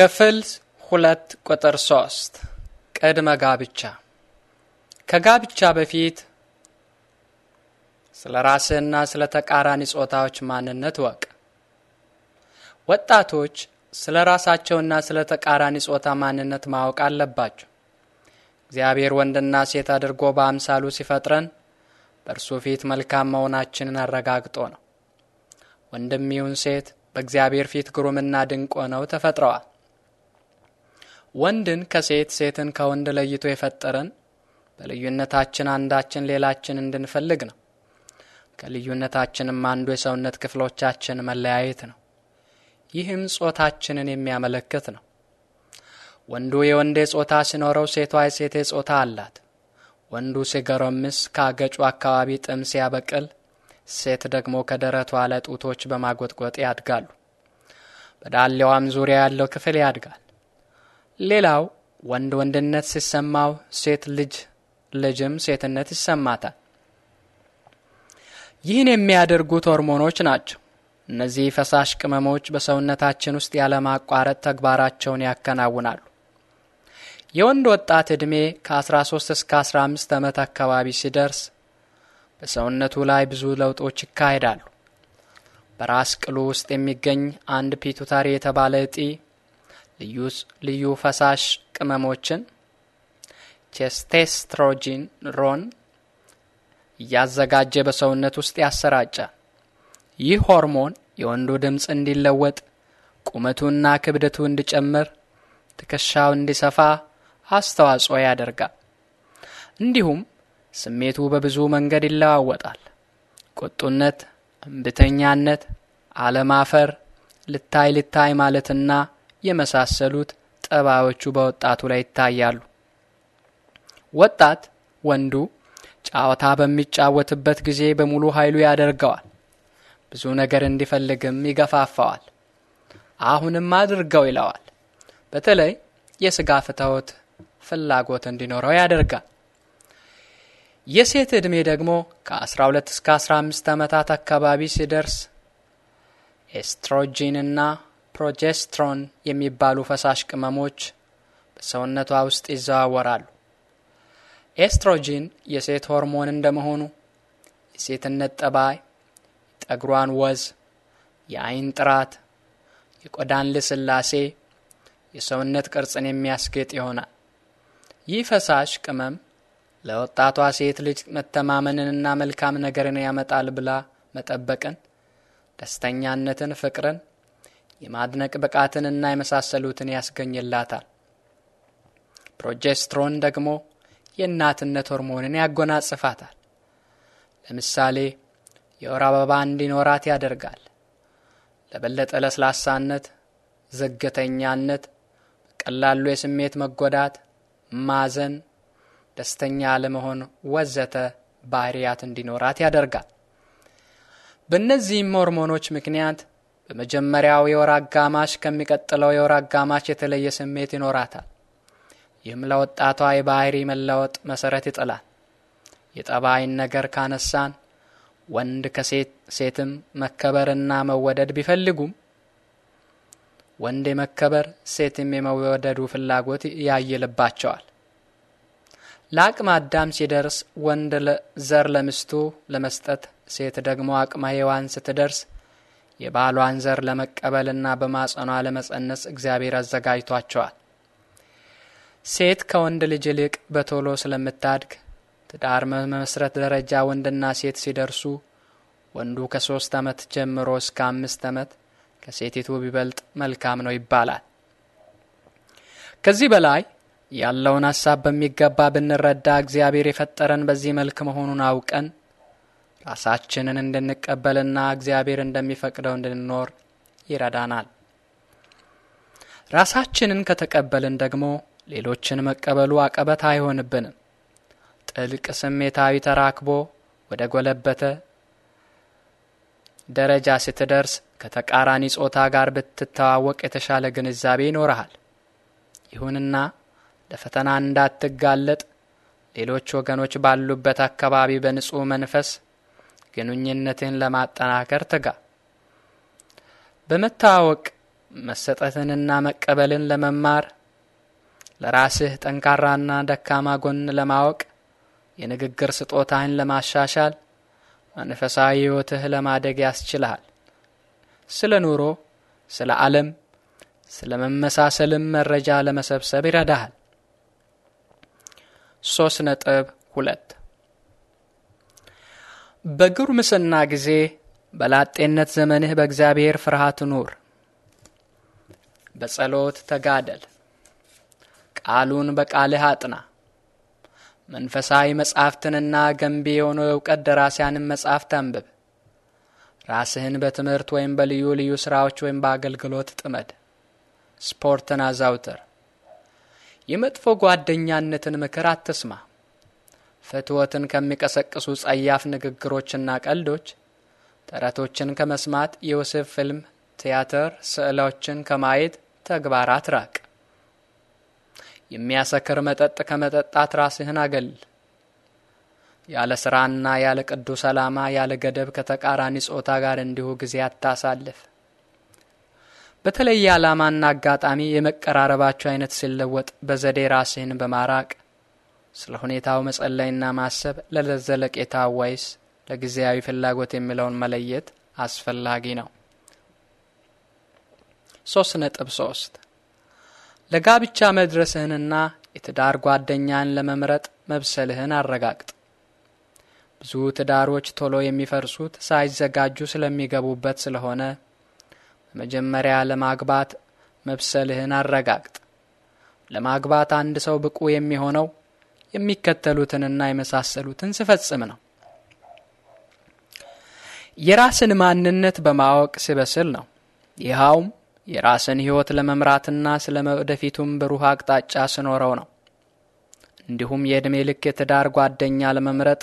ክፍል ሁለት ቁጥር ሶስት ቅድመ ጋብቻ ከጋብቻ በፊት ስለ ራስህና ስለ ተቃራኒ ጾታዎች ማንነት ወቅ ወጣቶች ስለ ራሳቸውና ስለ ተቃራኒ ጾታ ማንነት ማወቅ አለባቸው። እግዚአብሔር ወንድና ሴት አድርጎ በአምሳሉ ሲፈጥረን በእርሱ ፊት መልካም መሆናችንን አረጋግጦ ነው። ወንድም ይሁን ሴት በእግዚአብሔር ፊት ግሩምና ድንቅ ሆነው ተፈጥረዋል። ወንድን ከሴት ሴትን ከወንድ ለይቶ የፈጠረን በልዩነታችን አንዳችን ሌላችን እንድንፈልግ ነው። ከልዩነታችንም አንዱ የሰውነት ክፍሎቻችን መለያየት ነው። ይህም ጾታችንን የሚያመለክት ነው። ወንዱ የወንዴ ጾታ ሲኖረው ሴቷ የሴቴ ጾታ አላት። ወንዱ ሲገረምስ ከአገጩ አካባቢ ጥም ሲያበቅል፣ ሴት ደግሞ ከደረቷ ለጡቶች በማጎጥጎጥ ያድጋሉ። በዳሌዋም ዙሪያ ያለው ክፍል ያድጋል። ሌላው ወንድ ወንድነት ሲሰማው ሴት ልጅ ልጅም ሴትነት ይሰማታል። ይህን የሚያደርጉት ሆርሞኖች ናቸው። እነዚህ ፈሳሽ ቅመሞች በሰውነታችን ውስጥ ያለማቋረጥ ተግባራቸውን ያከናውናሉ። የወንድ ወጣት ዕድሜ ከ13 እስከ 15 ዓመት አካባቢ ሲደርስ በሰውነቱ ላይ ብዙ ለውጦች ይካሄዳሉ። በራስ ቅሉ ውስጥ የሚገኝ አንድ ፒቱታሪ የተባለ እጢ ልዩ ፈሳሽ ቅመሞችን ሮን እያዘጋጀ በሰውነት ውስጥ ያሰራጫል። ይህ ሆርሞን የወንዱ ድምፅ እንዲለወጥ፣ ቁመቱና ክብደቱ እንዲጨምር፣ ትከሻው እንዲሰፋ አስተዋጽኦ ያደርጋል። እንዲሁም ስሜቱ በብዙ መንገድ ይለዋወጣል። ቁጡነት፣ እምብተኛነት፣ አለማፈር፣ ልታይ ልታይ ማለትና የመሳሰሉት ጠባዮቹ በወጣቱ ላይ ይታያሉ። ወጣት ወንዱ ጨዋታ በሚጫወትበት ጊዜ በሙሉ ኃይሉ ያደርገዋል። ብዙ ነገር እንዲፈልግም ይገፋፋዋል። አሁንም አድርገው ይለዋል። በተለይ የስጋ ፍትወት ፍላጎት እንዲኖረው ያደርጋል። የሴት ዕድሜ ደግሞ ከ12 እስከ 15 ዓመታት አካባቢ ሲደርስ ኤስትሮጂንና ፕሮጀስትሮን የሚባሉ ፈሳሽ ቅመሞች በሰውነቷ ውስጥ ይዘዋወራሉ። ኤስትሮጂን የሴት ሆርሞን እንደመሆኑ የሴትነት ጠባይ፣ የጠጉሯን ወዝ፣ የአይን ጥራት፣ የቆዳን ልስላሴ፣ የሰውነት ቅርጽን የሚያስጌጥ ይሆናል። ይህ ፈሳሽ ቅመም ለወጣቷ ሴት ልጅ መተማመንንና መልካም ነገርን ያመጣል ብላ መጠበቅን፣ ደስተኛነትን፣ ፍቅርን የማድነቅ ብቃትንና የመሳሰሉትን ያስገኝላታል። ፕሮጀስትሮን ደግሞ የእናትነት ሆርሞንን ያጎናጽፋታል። ለምሳሌ የወር አበባ እንዲኖራት ያደርጋል። ለበለጠ ለስላሳነት፣ ዝግተኛነት፣ በቀላሉ የስሜት መጎዳት፣ ማዘን፣ ደስተኛ ለመሆን ወዘተ ባህሪያት እንዲኖራት ያደርጋል። በእነዚህም ሆርሞኖች ምክንያት በመጀመሪያው የወር አጋማሽ ከሚቀጥለው የወር አጋማሽ የተለየ ስሜት ይኖራታል። ይህም ለወጣቷ የባህሪ መለወጥ መሰረት ይጥላል። የጠባይን ነገር ካነሳን ወንድ ከሴት ሴትም መከበርና መወደድ ቢፈልጉም ወንድ የመከበር ሴትም የመወደዱ ፍላጎት ያይልባቸዋል። ለአቅመ አዳም ሲደርስ ወንድ ዘር ለምስቱ ለመስጠት ሴት ደግሞ አቅመ ሔዋን ስትደርስ የባሏን ዘር ለመቀበልና በማጸኗ ለመጸነስ እግዚአብሔር አዘጋጅቷቸዋል። ሴት ከወንድ ልጅ ይልቅ በቶሎ ስለምታድግ ትዳር መመስረት ደረጃ ወንድና ሴት ሲደርሱ ወንዱ ከሶስት ዓመት ጀምሮ እስከ አምስት ዓመት ከሴቲቱ ቢበልጥ መልካም ነው ይባላል። ከዚህ በላይ ያለውን ሐሳብ በሚገባ ብንረዳ እግዚአብሔር የፈጠረን በዚህ መልክ መሆኑን አውቀን ራሳችንን እንድንቀበልና እግዚአብሔር እንደሚፈቅደው እንድንኖር ይረዳናል። ራሳችንን ከተቀበልን ደግሞ ሌሎችን መቀበሉ አቀበት አይሆንብንም። ጥልቅ ስሜታዊ ተራክቦ ወደ ጎለበተ ደረጃ ስትደርስ ከተቃራኒ ጾታ ጋር ብትተዋወቅ የተሻለ ግንዛቤ ይኖርሃል። ይሁንና ለፈተና እንዳትጋለጥ ሌሎች ወገኖች ባሉበት አካባቢ በንጹሕ መንፈስ ግንኙነትን ለማጠናከር ትጋ። በመታወቅ መሰጠትንና መቀበልን ለመማር ለራስህ ጠንካራና ደካማ ጎን ለማወቅ የንግግር ስጦታህን ለማሻሻል መንፈሳዊ ሕይወትህ ለማደግ ያስችልሃል። ስለ ኑሮ፣ ስለ ዓለም፣ ስለ መመሳሰልም መረጃ ለመሰብሰብ ይረዳሃል። ሶስት ነጥብ ሁለት በጉርምስና ጊዜ በላጤነት ዘመንህ በእግዚአብሔር ፍርሃት ኑር። በጸሎት ተጋደል። ቃሉን በቃልህ አጥና። መንፈሳዊ መጻሕፍትንና ገንቢ የሆኑ የእውቀት ደራሲያንን መጻሕፍት አንብብ። ራስህን በትምህርት ወይም በልዩ ልዩ ሥራዎች ወይም በአገልግሎት ጥመድ። ስፖርትን አዛውትር። የመጥፎ ጓደኛነትን ምክር አትስማ። ፍትወትን ከሚቀሰቅሱ ጸያፍ ንግግሮችና ቀልዶች፣ ተረቶችን ከመስማት፣ የወሲብ ፊልም፣ ቲያትር ስዕሎችን ከማየት ተግባራት ራቅ። የሚያሰክር መጠጥ ከመጠጣት ራስህን አገል። ያለ ስራና ያለ ቅዱስ ዓላማ ያለ ገደብ ከተቃራኒ ጾታ ጋር እንዲሁ ጊዜ አታሳልፍ። በተለየ ዓላማና አጋጣሚ የመቀራረባቸው አይነት ሲለወጥ በዘዴ ራስህን በማራቅ ስለ ሁኔታው መጸለይና ማሰብ ለዘለቄታ ወይስ ለጊዜያዊ ፍላጎት የሚለውን መለየት አስፈላጊ ነው። ሶስት ነጥብ ሶስት ለጋብቻ መድረስህንና የትዳር ጓደኛን ለመምረጥ መብሰልህን አረጋግጥ። ብዙ ትዳሮች ቶሎ የሚፈርሱት ሳይዘጋጁ ስለሚገቡበት ስለሆነ በመጀመሪያ ለማግባት መብሰልህን አረጋግጥ። ለማግባት አንድ ሰው ብቁ የሚሆነው የሚከተሉትንና የመሳሰሉትን ስፈጽም ነው። የራስን ማንነት በማወቅ ስበስል ነው። ይኸውም የራስን ሕይወት ለመምራትና ስለ ወደፊቱም ብሩህ አቅጣጫ ስኖረው ነው። እንዲሁም የዕድሜ ልክ የትዳር ጓደኛ ለመምረጥ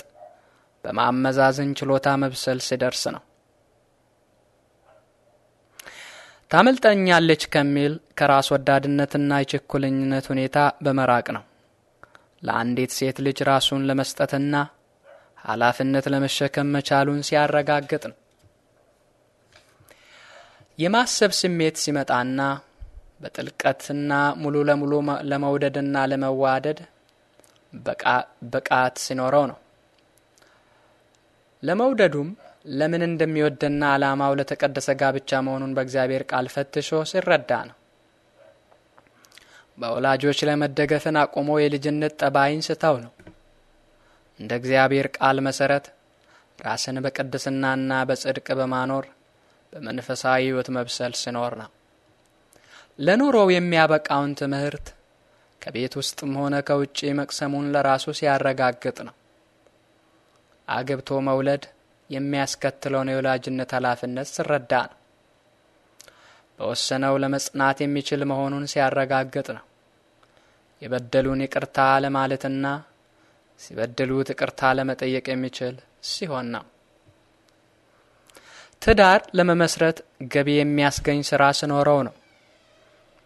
በማመዛዘን ችሎታ መብሰል ሲደርስ ነው። ታመልጠኛለች ከሚል ከራስ ወዳድነትና የችኩልኝነት ሁኔታ በመራቅ ነው። ለአንዲት ሴት ልጅ ራሱን ለመስጠትና ኃላፊነት ለመሸከም መቻሉን ሲያረጋግጥ ነው። የማሰብ ስሜት ሲመጣና በጥልቀትና ሙሉ ለሙሉ ለመውደድና ለመዋደድ ብቃት ሲኖረው ነው። ለመውደዱም ለምን እንደሚወድና ዓላማው ለተቀደሰ ጋብቻ መሆኑን በእግዚአብሔር ቃል ፈትሾ ሲረዳ ነው። በወላጆች ላይ መደገፍን አቁሞ የልጅነት ጠባይን ስተው ነው። እንደ እግዚአብሔር ቃል መሰረት ራስን በቅድስናና በጽድቅ በማኖር በመንፈሳዊ ሕይወት መብሰል ሲኖር ነው። ለኑሮው የሚያበቃውን ትምህርት ከቤት ውስጥም ሆነ ከውጭ መቅሰሙን ለራሱ ሲያረጋግጥ ነው። አግብቶ መውለድ የሚያስከትለውን የወላጅነት ኃላፊነት ስረዳ ነው። በወሰነው ለመጽናት የሚችል መሆኑን ሲያረጋግጥ ነው። የበደሉን ይቅርታ ለማለትና ሲበድሉት ይቅርታ ለመጠየቅ የሚችል ሲሆን ነው። ትዳር ለመመስረት ገቢ የሚያስገኝ ስራ ስኖረው ነው።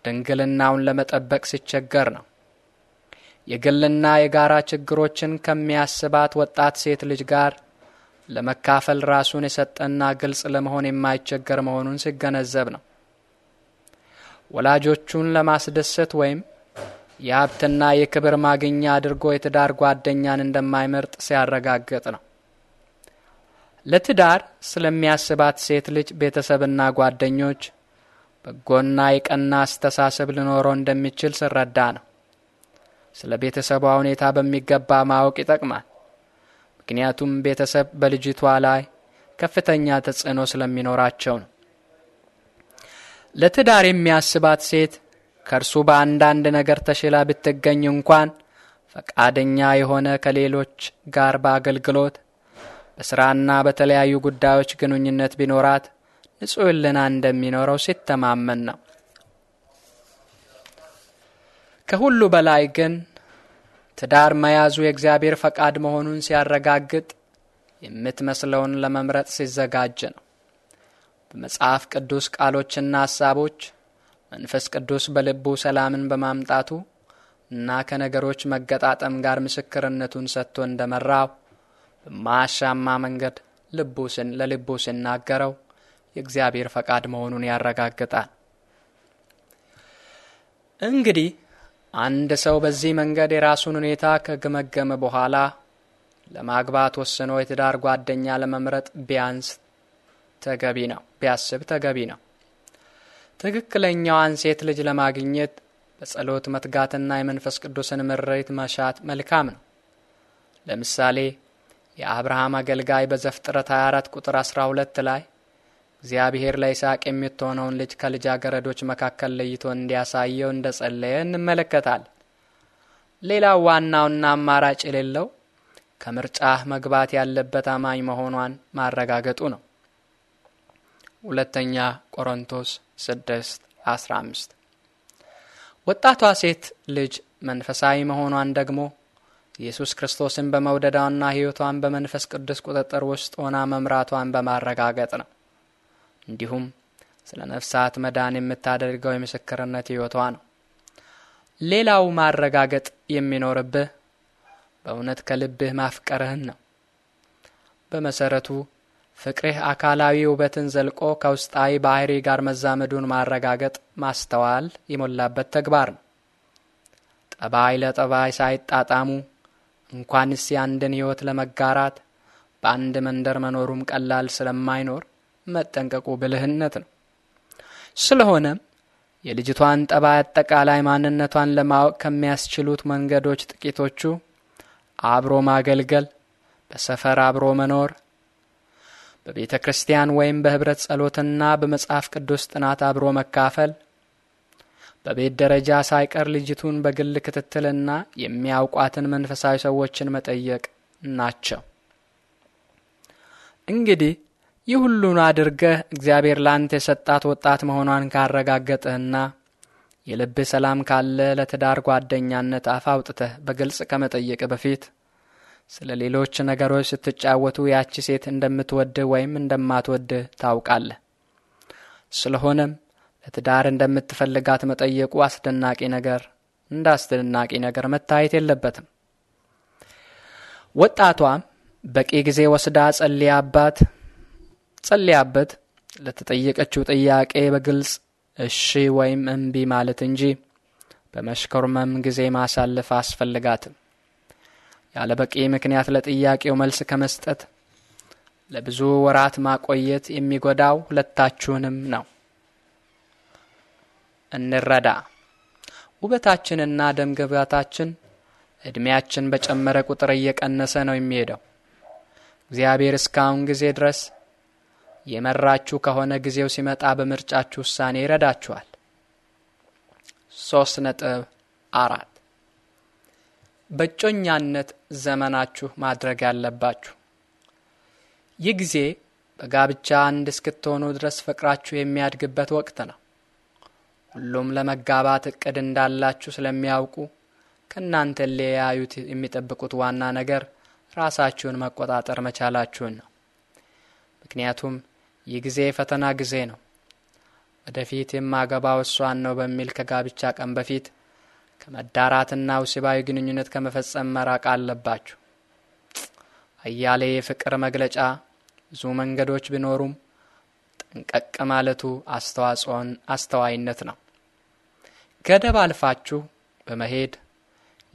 ድንግልናውን ለመጠበቅ ሲቸገር ነው። የግልና የጋራ ችግሮችን ከሚያስባት ወጣት ሴት ልጅ ጋር ለመካፈል ራሱን የሰጠና ግልጽ ለመሆን የማይቸገር መሆኑን ሲገነዘብ ነው። ወላጆቹን ለማስደሰት ወይም የሀብትና የክብር ማግኛ አድርጎ የትዳር ጓደኛን እንደማይመርጥ ሲያረጋግጥ ነው። ለትዳር ስለሚያስባት ሴት ልጅ ቤተሰብና ጓደኞች በጎና የቀና አስተሳሰብ ሊኖረው እንደሚችል ስረዳ ነው። ስለ ቤተሰቧ ሁኔታ በሚገባ ማወቅ ይጠቅማል። ምክንያቱም ቤተሰብ በልጅቷ ላይ ከፍተኛ ተጽዕኖ ስለሚኖራቸው ነው። ለትዳር የሚያስባት ሴት ከእርሱ በአንዳንድ ነገር ተሽላ ብትገኝ እንኳን ፈቃደኛ የሆነ ከሌሎች ጋር በአገልግሎት በሥራና በተለያዩ ጉዳዮች ግንኙነት ቢኖራት ንጹሕ እንደሚኖረው ሲተማመን ነው። ከሁሉ በላይ ግን ትዳር መያዙ የእግዚአብሔር ፈቃድ መሆኑን ሲያረጋግጥ የምትመስለውን ለመምረጥ ሲዘጋጅ ነው። በመጽሐፍ ቅዱስ ቃሎችና ሐሳቦች መንፈስ ቅዱስ በልቡ ሰላምን በማምጣቱ እና ከነገሮች መገጣጠም ጋር ምስክርነቱን ሰጥቶ እንደመራው በማያሻማ መንገድ ለልቡ ሲናገረው የእግዚአብሔር ፈቃድ መሆኑን ያረጋግጣል። እንግዲህ አንድ ሰው በዚህ መንገድ የራሱን ሁኔታ ከገመገመ በኋላ ለማግባት ወስኖ የትዳር ጓደኛ ለመምረጥ ቢያንስ ተገቢ ነው ቢያስብ ተገቢ ነው። ትክክለኛዋን ሴት ልጅ ለማግኘት በጸሎት መትጋትና የመንፈስ ቅዱስን ምሬት መሻት መልካም ነው። ለምሳሌ የአብርሃም አገልጋይ በዘፍጥረት 24 ቁጥር 12 ላይ እግዚአብሔር ለይስሐቅ የምትሆነውን ልጅ ከልጃገረዶች መካከል ለይቶ እንዲያሳየው እንደ ጸለየ እንመለከታል። ሌላው ዋናውና አማራጭ የሌለው ከምርጫህ መግባት ያለበት አማኝ መሆኗን ማረጋገጡ ነው። ሁለተኛ ቆሮንቶስ 6 15 ወጣቷ ሴት ልጅ መንፈሳዊ መሆኗን ደግሞ ኢየሱስ ክርስቶስን በመውደዳውና ሕይወቷን በመንፈስ ቅዱስ ቁጥጥር ውስጥ ሆና መምራቷን በማረጋገጥ ነው። እንዲሁም ስለ ነፍሳት መዳን የምታደርገው የምስክርነት ሕይወቷ ነው። ሌላው ማረጋገጥ የሚኖርብህ በእውነት ከልብህ ማፍቀርህን ነው። በመሰረቱ ፍቅርህ አካላዊ ውበትን ዘልቆ ከውስጣዊ ባህሪ ጋር መዛመዱን ማረጋገጥ ማስተዋል የሞላበት ተግባር ነው። ጠባይ ለጠባይ ሳይጣጣሙ እንኳንስ የአንድን ሕይወት ለመጋራት በአንድ መንደር መኖሩም ቀላል ስለማይኖር መጠንቀቁ ብልህነት ነው። ስለሆነም የልጅቷን ጠባይ አጠቃላይ ማንነቷን ለማወቅ ከሚያስችሉት መንገዶች ጥቂቶቹ አብሮ ማገልገል፣ በሰፈር አብሮ መኖር በቤተ ክርስቲያን ወይም በህብረት ጸሎትና በመጽሐፍ ቅዱስ ጥናት አብሮ መካፈል በቤት ደረጃ ሳይቀር ልጅቱን በግል ክትትልና የሚያውቋትን መንፈሳዊ ሰዎችን መጠየቅ ናቸው። እንግዲህ ይህ ሁሉን አድርገህ እግዚአብሔር ላንተ የሰጣት ወጣት መሆኗን ካረጋገጥህና የልብህ ሰላም ካለ ለትዳር ጓደኛነት አፍ አውጥተህ በግልጽ ከመጠየቅ በፊት ስለ ሌሎች ነገሮች ስትጫወቱ ያቺ ሴት እንደምትወድህ ወይም እንደማትወድህ ታውቃለህ። ስለሆነም ለትዳር እንደምትፈልጋት መጠየቁ አስደናቂ ነገር እንደ አስደናቂ ነገር መታየት የለበትም። ወጣቷም በቂ ጊዜ ወስዳ ጸልያባት ጸልያበት ለተጠየቀችው ጥያቄ በግልጽ እሺ ወይም እምቢ ማለት እንጂ በመሽኮርመም ጊዜ ማሳለፍ አስፈልጋትም። ያለ በቂ ምክንያት ለጥያቄው መልስ ከመስጠት ለብዙ ወራት ማቆየት የሚጎዳው ሁለታችሁንም ነው። እንረዳ። ውበታችንና ደም ግባታችን እድሜያችን በጨመረ ቁጥር እየቀነሰ ነው የሚሄደው። እግዚአብሔር እስካሁን ጊዜ ድረስ የመራችሁ ከሆነ ጊዜው ሲመጣ በምርጫችሁ ውሳኔ ይረዳችኋል። ሶስት ነጥብ አራት በእጮኛነት ዘመናችሁ ማድረግ ያለባችሁ ይህ ጊዜ በጋብቻ አንድ እስክትሆኑ ድረስ ፍቅራችሁ የሚያድግበት ወቅት ነው። ሁሉም ለመጋባት እቅድ እንዳላችሁ ስለሚያውቁ ከእናንተ ሊያዩት የሚጠብቁት ዋና ነገር ራሳችሁን መቆጣጠር መቻላችሁን ነው። ምክንያቱም ይህ ጊዜ የፈተና ጊዜ ነው። ወደፊት የማገባው እሷን ነው በሚል ከጋብቻ ቀን በፊት ከመዳራትና ውስባዊ ግንኙነት ከመፈጸም መራቅ አለባችሁ። አያሌ የፍቅር መግለጫ ብዙ መንገዶች ቢኖሩም ጠንቀቅ ማለቱ አስተዋጽኦን አስተዋይነት ነው። ገደብ አልፋችሁ በመሄድ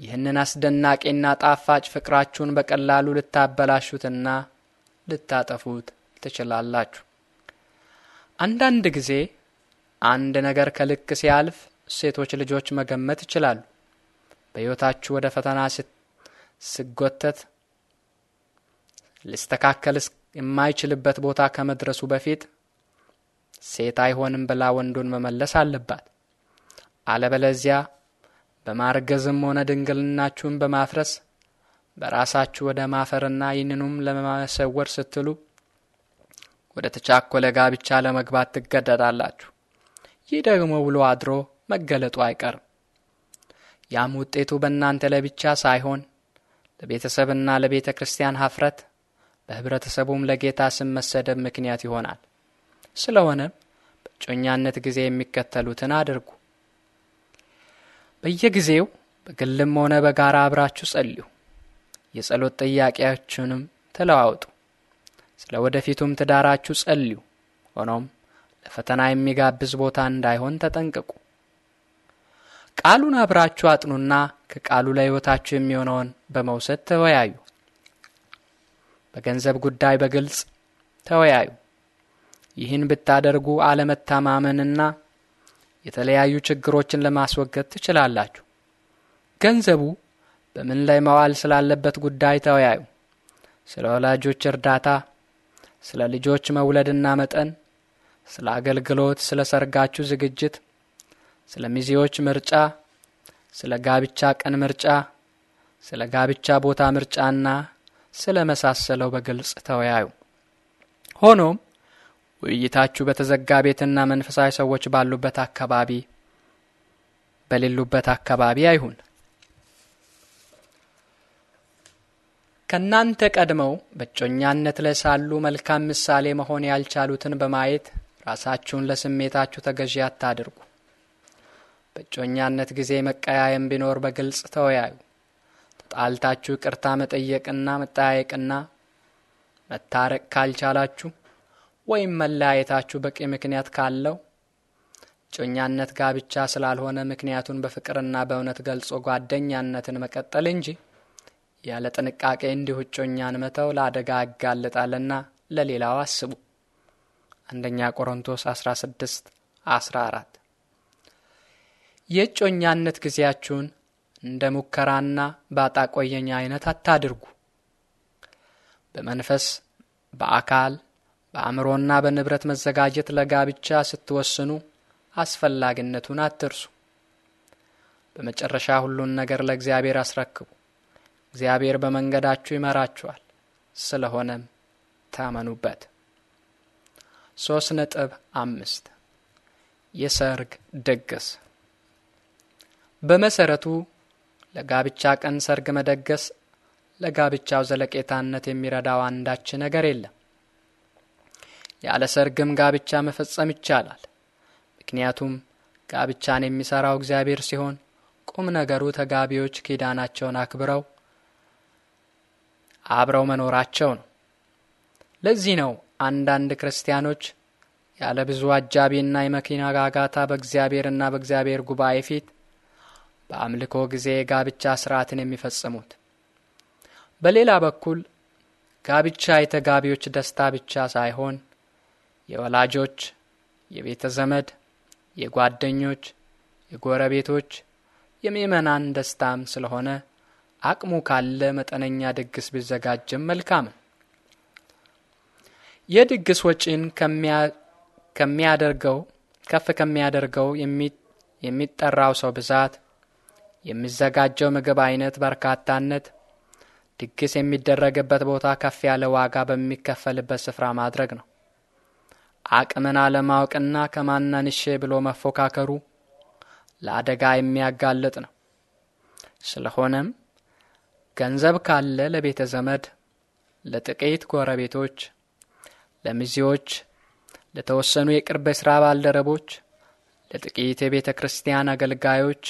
ይህንን አስደናቂና ጣፋጭ ፍቅራችሁን በቀላሉ ልታበላሹትና ልታጠፉት ትችላላችሁ። አንዳንድ ጊዜ አንድ ነገር ከልክ ሲያልፍ ሴቶች ልጆች መገመት ይችላሉ። በሕይወታችሁ ወደ ፈተና ስጎተት ሊስተካከል የማይችልበት ቦታ ከመድረሱ በፊት ሴት አይሆንም ብላ ወንዱን መመለስ አለባት። አለበለዚያ በማርገዝም ሆነ ድንግልናችሁን በማፍረስ በራሳችሁ ወደ ማፈርና ይህንኑም ለመሰወር ስትሉ ወደ ተቻኮለ ጋብቻ ለመግባት ትገደዳላችሁ። ይህ ደግሞ ውሎ አድሮ መገለጡ አይቀርም። ያም ውጤቱ በእናንተ ላይ ብቻ ሳይሆን ለቤተሰብና ለቤተ ክርስቲያን ሀፍረት፣ በህብረተሰቡም ለጌታ ስም መሰደብ ምክንያት ይሆናል። ስለሆነም በእጮኛነት ጊዜ የሚከተሉትን አድርጉ። በየጊዜው በግልም ሆነ በጋራ አብራችሁ ጸልዩ። የጸሎት ጥያቄያችሁንም ተለዋውጡ። ስለ ወደፊቱም ትዳራችሁ ጸልዩ። ሆኖም ለፈተና የሚጋብዝ ቦታ እንዳይሆን ተጠንቅቁ። ቃሉን አብራችሁ አጥኑና ከቃሉ ላይ ሕይወታችሁ የሚሆነውን በመውሰድ ተወያዩ። በገንዘብ ጉዳይ በግልጽ ተወያዩ። ይህን ብታደርጉ አለመታማመንና የተለያዩ ችግሮችን ለማስወገድ ትችላላችሁ። ገንዘቡ በምን ላይ መዋል ስላለበት ጉዳይ ተወያዩ። ስለ ወላጆች እርዳታ፣ ስለ ልጆች መውለድና መጠን፣ ስለ አገልግሎት፣ ስለ ሰርጋችሁ ዝግጅት፣ ስለ ሚዜዎች ምርጫ፣ ስለ ጋብቻ ቀን ምርጫ፣ ስለ ጋብቻ ቦታ ምርጫና ስለ መሳሰለው በግልጽ ተወያዩ። ሆኖም ውይይታችሁ በተዘጋ ቤትና መንፈሳዊ ሰዎች ባሉበት አካባቢ በሌሉበት አካባቢ አይሁን። ከእናንተ ቀድመው በእጮኛነት ላይ ሳሉ መልካም ምሳሌ መሆን ያልቻሉትን በማየት ራሳችሁን ለስሜታችሁ ተገዢ አታድርጉ። በእጮኛነት ጊዜ መቀያየም ቢኖር በግልጽ ተወያዩ። ተጣልታችሁ ቅርታ መጠየቅና መጠያየቅና መታረቅ ካልቻላችሁ ወይም መለያየታችሁ በቂ ምክንያት ካለው እጮኛነት ጋብቻ ስላልሆነ ምክንያቱን በፍቅርና በእውነት ገልጾ ጓደኛነትን መቀጠል እንጂ ያለ ጥንቃቄ እንዲሁ እጮኛን መተው ለአደጋ ያጋልጣልና ለሌላው አስቡ። አንደኛ ቆሮንቶስ 16 14 የእጮኛነት ጊዜያችሁን እንደ ሙከራና ባጣ አይነት አታድርጉ። በመንፈስ በአካል በአእምሮና በንብረት መዘጋጀት ለጋብቻ ስትወስኑ አስፈላጊነቱን አትርሱ። በመጨረሻ ሁሉን ነገር ለእግዚአብሔር አስረክቡ። እግዚአብሔር በመንገዳችሁ ይመራችኋል፣ ስለሆነም ታመኑበት። ሶስት ነጥብ አምስት የሰርግ ድግስ በመሰረቱ ለጋብቻ ቀን ሰርግ መደገስ ለጋብቻው ዘለቄታነት የሚረዳው አንዳች ነገር የለም። ያለ ሰርግም ጋብቻ መፈጸም ይቻላል። ምክንያቱም ጋብቻን የሚሰራው እግዚአብሔር ሲሆን ቁም ነገሩ ተጋቢዎች ኪዳናቸውን አክብረው አብረው መኖራቸው ነው። ለዚህ ነው አንዳንድ ክርስቲያኖች ያለ ብዙ አጃቢና የመኪና ጋጋታ በእግዚአብሔርና በእግዚአብሔር ጉባኤ ፊት በአምልኮ ጊዜ ጋብቻ ስርዓትን የሚፈጽሙት። በሌላ በኩል ጋብቻ የተጋቢዎች ደስታ ብቻ ሳይሆን የወላጆች፣ የቤተ ዘመድ፣ የጓደኞች፣ የጎረቤቶች፣ የምዕመናን ደስታም ስለሆነ አቅሙ ካለ መጠነኛ ድግስ ቢዘጋጅም መልካም ነው። የድግስ ወጪን ከሚያደርገው ከፍ ከሚያደርገው የሚጠራው ሰው ብዛት የሚዘጋጀው ምግብ አይነት በርካታነት፣ ድግስ የሚደረግበት ቦታ ከፍ ያለ ዋጋ በሚከፈልበት ስፍራ ማድረግ ነው። አቅምን አለማወቅና ከማናንሼ ብሎ መፎካከሩ ለአደጋ የሚያጋልጥ ነው። ስለሆነም ገንዘብ ካለ ለቤተ ዘመድ፣ ለጥቂት ጎረቤቶች፣ ለሚዜዎች፣ ለተወሰኑ የቅርብ ስራ ባልደረቦች፣ ለጥቂት የቤተ ክርስቲያን አገልጋዮች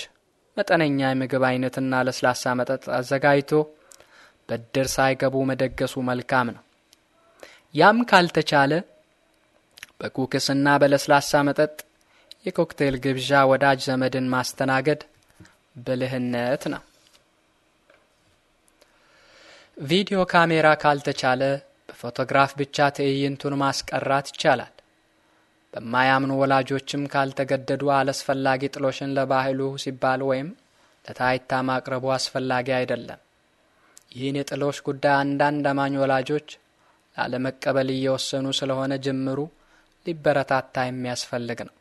መጠነኛ የምግብ አይነትና ለስላሳ መጠጥ አዘጋጅቶ ብድር ሳይገቡ መደገሱ መልካም ነው። ያም ካልተቻለ በኩክስና በለስላሳ መጠጥ የኮክቴል ግብዣ ወዳጅ ዘመድን ማስተናገድ ብልህነት ነው። ቪዲዮ ካሜራ ካልተቻለ በፎቶግራፍ ብቻ ትዕይንቱን ማስቀራት ይቻላል። በማያምኑ ወላጆችም ካልተገደዱ አላስፈላጊ ጥሎሽን ለባህሉ ሲባል ወይም ለታይታ ማቅረቡ አስፈላጊ አይደለም። ይህን የጥሎሽ ጉዳይ አንዳንድ አማኝ ወላጆች ላለመቀበል እየወሰኑ ስለሆነ ጅምሩ ሊበረታታ የሚያስፈልግ ነው።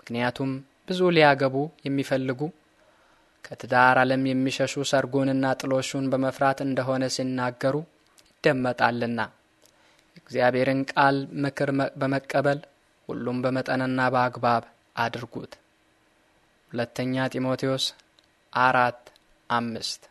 ምክንያቱም ብዙ ሊያገቡ የሚፈልጉ ከትዳር ዓለም የሚሸሹ ሰርጉንና ጥሎሹን በመፍራት እንደሆነ ሲናገሩ ይደመጣልና እግዚአብሔርን ቃል ምክር በመቀበል ሁሉም በመጠንና በአግባብ አድርጉት። ሁለተኛ ጢሞቴዎስ አራት አምስት